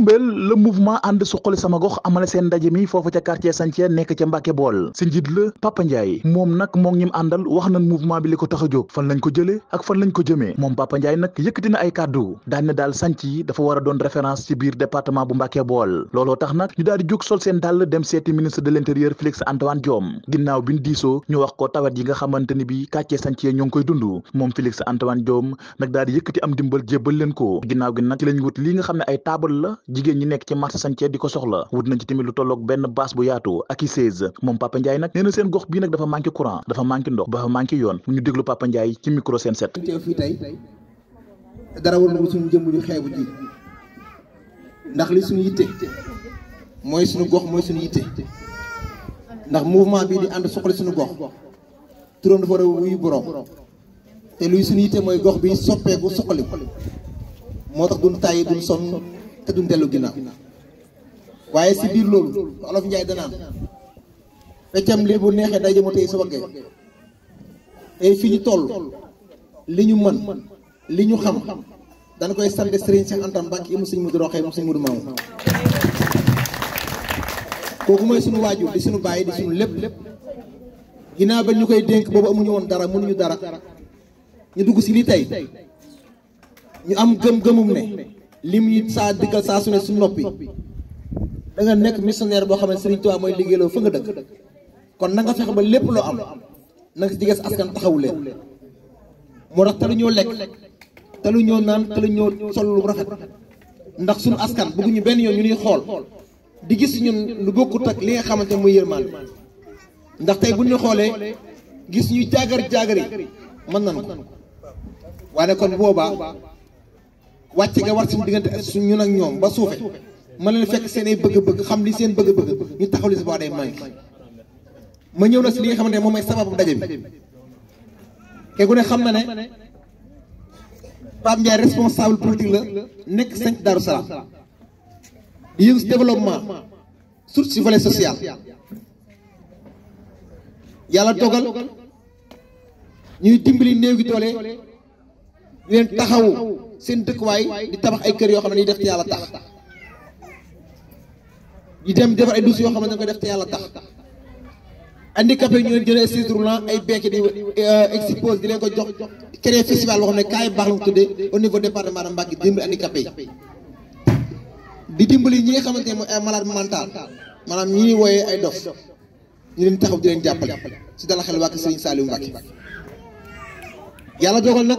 um então, la mouvement ànd suqali sama gox amale seen ndaje mi foofu ca quartier Santhiène nekk ca Mbàkke Bool si njiit la Papa Ndiaye moom nag moom ñim àndal wax nañ mouvement bi li ko tax a jóg fan lañ ko jële ak fan lañ ko jëmee moom Papa Ndiaye nag yëkkati na ay kàddu daan ne daal sanc yi dafa war a doon référence ci biir département bu Mbàkke Bool looloo tax nag ñu daal di jóg sol seen dàll dem seeti ministre de l'intérieur Félix Antoine Diome ginnaaw bi ñu diisoo ñu wax ko tawat yi nga koy dund moom Félix Antoine Diome nag daal di yëkkati ko ginnaaw gi nag ci li nga xam ne ay taabal la nekk ci marché Santhie di ko soxla wut nañ ci tamit lu tolloog benn baas bu yaatu ak i moom Papa nag nee na seen gox bii nag dafa manqué courant dafa manqué ndox dafa manqué yoon ñu déglu Papa ci micro seen set dara war na suñu jëmm ñu xeebu ji ndax li suñu yitte mooy suñu gox mooy suñu yitte ndax mouvement bii di ànd soxla suñu gox turam dafa war a wuyu borom te luy suñu yitte mooy gox bi soppeeku soxali moo tax duñ tàyyi duñ sonn te duñ dellu ginnaaw waaye si biir loolu olof njaay danaan feccam lii bu neexee day jëma tey su waggee tey fi ñu toll li ñu mën li ñu xam dañ koy sant Serigne Cheikh Anta Mbacke mu sëñ Modou Rokhaya mu sëñ Modou Mamoun kooku mooy suñu waajur di suñu bàyyi di suñu lépp lépp ginnaaw ba ñu koy dénk boobu amuñu woon dara mënuñu dara ñu dugg si lii tey ñu am gëm-gëmum ne li muy saa dikkal saa su ne su noppi da nga nekk missionnaire boo xam ne mooy Touba mooy liggéeyloo fa nga dëkk kon nanga fexe ba lépp loo am na nga si jigéen askan taxawu leen moo tax talu ñoo lekk talu ñoo naan talu ñoo sol lu rafet ndax suñu askan bëgguñu benn yoon ñu ñuy xool di gis ñu lu bokkut ak li nga xamante muy yërmaan ndax tey bu ñu xoolee gis ñuy jaagar jaagari mën nan ko waaye kon boobaa. wàcc nga war suñu diggante ñun ak ñoom ba suufe mën leen fekk seen bëgg-bëgg xam li seen bëgg-bëgg ñu taxaw li si boo li nga xamante ne moom mooy sababu daje bi te ku ne xam na ne Pape Ndiaye responsable politique la nekk sëñ Darou Salaam di yëngu si développement ci si volet social yàlla dogal ñuy dimbali néew gi doole ngeen taxaw seen seen dëkkuwaay di tabax ay kër yoo xam ne def ci yàlla tax di dem defar ay douce yoo xam ne dañ ko def ci yàlla tax handicapé ñu leen jëlee six ay becc di euh, expose di leen ko jox créer festival boo xam ne kaay baax la tuddee au niveau département de Mbacké dimbali handicapé di dimbali ñi nga xamante ne ay malade mental maanaam ñi ñuy wooyee ay dof ñu leen taxaw di leen jàppale si dala xel wàkk Serigne Saliou Mbacké yàlla dogal nag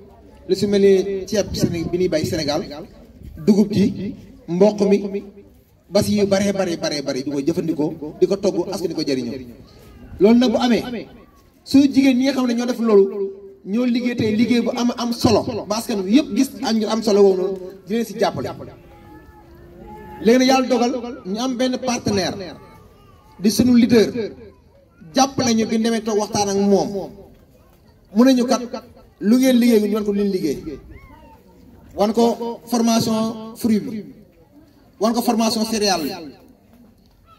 lu si mel ni ceeb bi ñuy bay Sénégal dugub ji mboq mi bas yu baree baree baree bari di ko jëfandikoo di ko togg askan di ko loolu nag bu amee su jigéen ñi nga xam ne ñoo def loolu ñoo liggéey tey liggéey bu am am solo ba askan wi yëpp gis ak ñu am solo woowu noonu di leen si jàpp léegi nag yàlla dogal ñu am benn partenaire di sunu leader jàppale ñu bi demee toog waxtaan ak moom mun nañu kat lu ngeen liggéey ñu wan ko lu ñu wan ko formation fruit bi wan ko formation céréale bi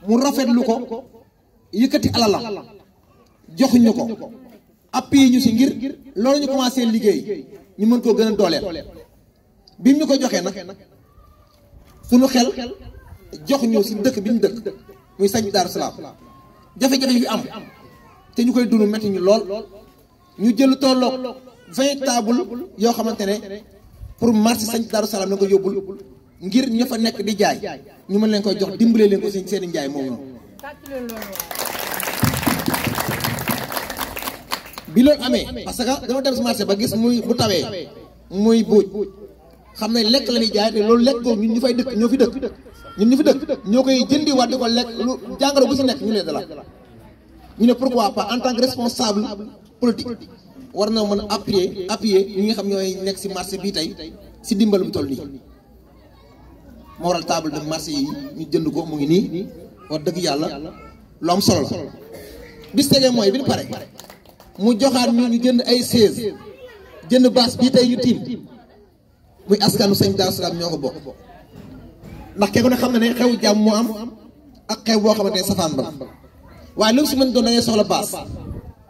mu lu ko yëkëti alala jox ñu ko appi ñu ci ngir loolu ñu commencé liggéey ñu mën ko gëna dolé dooleel ñu ko joxé nak suñu xel jox ñu ci dëkk bi dëkk muy sañu dar salam jafé jafé yu am té ñukoy dunu metti ñu lool ñu jël tolok 20 table yo xamantene pour marché seigne daru Salam nga yobul ngir ña fa nekk di jaay ñu mën leen koy jox dimbalé leen ko seigne seen jaay moom noonu bi lo amé parce que dama dem si marché ba gis muy bu tawé muy buuj xamné lek lekk la ñuy jaay té loolu lek ko ñun ñu fay dëkk ñoo fi dëkk ñun ñu fi dëkk ñoo koy jëndi waat di ko lekk lu jàngoro bu ci nek ñu lay dala ñu né pourquoi pas en tant que responsable politique warna na mën a appuyer appuyer ñi nga xam ñoy nek ci marché bi tay ci dimbalum toll ni moral table de marché yi ñu jënd ko mu ngi ni wa dëgg yalla lu am solo la bis tegee moy bi ñu pare mu joxaat ñu ñu jënd ay 16 jënd baas bi tay ñu tim muy askanu sëñ dar salam ñoko bok ndax kee ku xam na ne xew jamm mu am ak xew bo xamanté safan ba waaye lu ci mën do na ngay soxla baas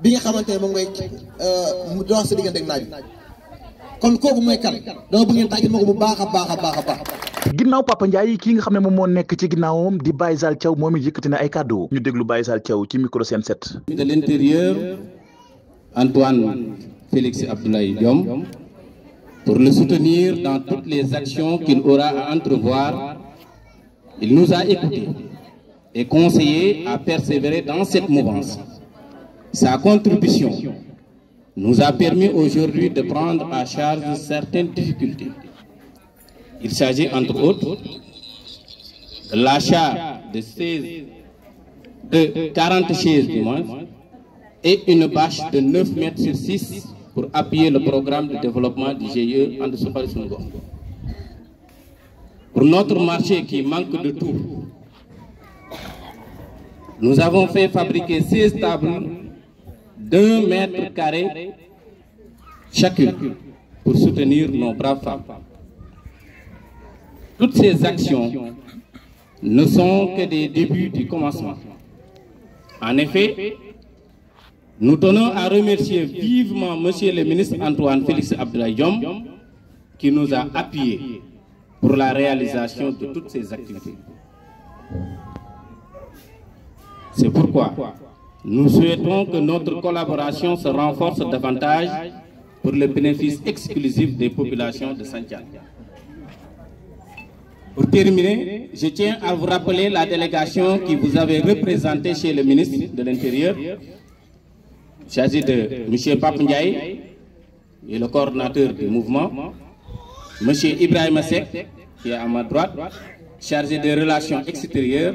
bi nga xamante ne euh ngay dox sa diggante ak naaj bi kon kooku kan do bu ngeen tàggat mako bu baax a baax a ginnaw Papa ndjay ki nga xam mom mo moo nekk ci ginnawum di Baye Zal Thiaw moom it na ay cadeau ñu déglu Baye Zal Thiaw ci micro Sen 7. de l'intérieur Antoine Félix Abdoulaye diom pour le soutenir dans toutes les actions qu'il aura à entrevoir il nous a écouté et conseillé à persévérer dans cette mouvance. Sa contribution nous a permis aujourd'hui de prendre à charge certaines difficultés. Il s'agit entre autres de l'achat de, 40 chaises du moins et une bâche de 9 mètres sur 6 pour appuyer le programme de développement du GIE en dessous Pour notre marché qui manque de tout, nous avons fait fabriquer 16 tables d'un mètre carré chacune pour soutenir nos braves femmes. Toutes ces actions ne sont que des débuts du commencement. En effet, nous tenons à remercier vivement M. le ministre Antoine Félix Abdoulaye qui nous a appuyés pour la réalisation de toutes ces activités. C'est pourquoi nous souhaitons que notre collaboration se renforce davantage pour le bénéfice exclusif des populations de saint Santiago. Pour terminer, je tiens à vous rappeler la délégation qui vous avait représentée chez le ministre de l'Intérieur. Il de M. qui et le coordinateur du mouvement, M. Ibrahim Sek, qui est à ma droite, chargé des relations extérieures,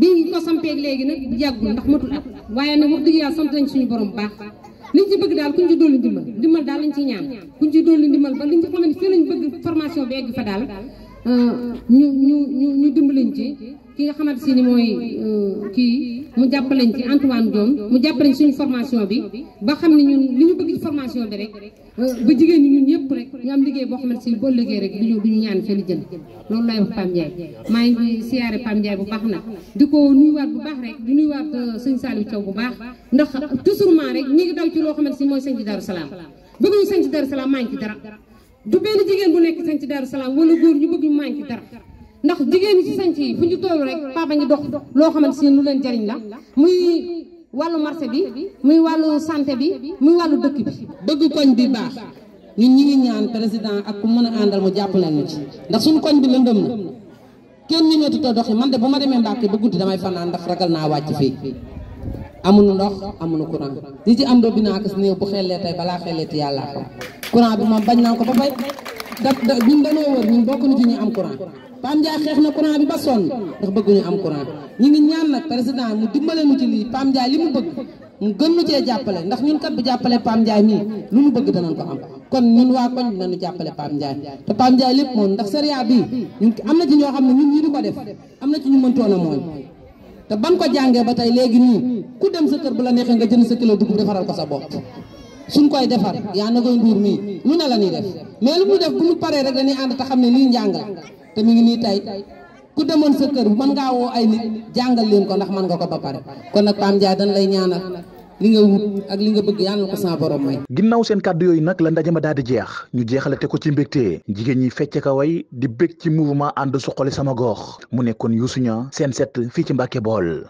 bi ñu ko sampeeg léegi nag yàggul ndax matul at waaye nag wax dëgg yàlla sant suñu borom baax liñ ci bëgg daal kuñ ci dolli ndimbal ndimbal daal lañ ci ñaan kuñ ci dolli ndimbal ba liñ ci xam ne fii lañ bëgg formation bi egg fa daal ñu ñu ñu ñu dimbaliñ ci ki nga xamante si ni mooy euh, kii mu jàppaleñ ci Antoine Diome mu jàppaleñ suñu formation bi ba xam ne ñun li ñu bëgg ci formation bi rek euh, ba jigéen ñi ñun ñëpp rek ñu am liggéey boo xamante si bu ëllëgee rek duñu duñu ñaan fee li jënd loolu laay wax Pam Ndiaye maa ngi siyaare Pam Ndiaye bu baax nag di ko nuyuwaat bu baax rek di nuyuwaat euh, sëñ Saliou Thiaw bu baax ndax toujours maa rek ñi ngi daw ci loo xamante si mooy sëñ ci Darou Salaam bëgguñu sëñ ci maa ngi ci dara du ben jigen bu nek sañ dar salam wala góor ñu bëgg ñu manki dara ndax jigen ci sañ yi fuñu tollu rek papa ñi dox lo xamanteni ñu leen jariñ la muy walu marché bi muy walu santé bi muy walu dëkk bi bëgg koñ bi baax ñun ñi ngi ñaan président ak ku mëna andal mu japp ñu ci ndax suñu koñ bi lëndëm na kenn ñi to doxi man de bu ma demee Mbàkke ba guddi damay fanaan ndax ragal na wacc fi amunu ndox amunu courant di ci am bina ak néew bu tay bala balaa ti yalla ko courant bi mom bañ na ko ba bay da da ñun dañu wër ñun bokku ñu ci ñi am courant Pam Ndiaye xex na courant bi ba son ndax bëggu ñu am courant ñi ngi ñaan nak president mu dimbalé nu ci li Pam Ndiaye li mu bëgg mu gën nu ci jappalé ndax ñun kat bu jappalé Pam Ndiaye mi lu mu bëgg dañu ko am kon ñun wa koñ dañu jappalé Pam Ndiaye te Pam Ndiaye lepp moom ndax sariya bi ñun amna ci ño xamne ñun ñi di ko def amna ci ñu mëntoon a mooñ te ban ko jàngee ba tay légui ni ku dem sa kër bu la nexé nga jënd sa kilo dugub defaral ko sa bokk suñ koy defar yaa na koy nduur mii lu ne la ñuy def mais lu mu def bu mu paree rek dañuy ànd te xam ne lii njàng la te mu ngi nii tey ku demoon sa kër mën ngaa woo ay nit jàngal leen ko ndax mën nga ko ba pare kon nag Pam Ndiaye dañ lay ñaanal li nga wut ak li nga bëgg yàlla na ko sama borom may. seen kàddu yooyu nag la ndaje ma daal di jeex ñu la te ko ci mbégte jigéen ñi fecce ka way di bég ci mouvement ànd suqali sama gox mu nekkoon Youssou Niang seen set fii ci Mbàkke Bool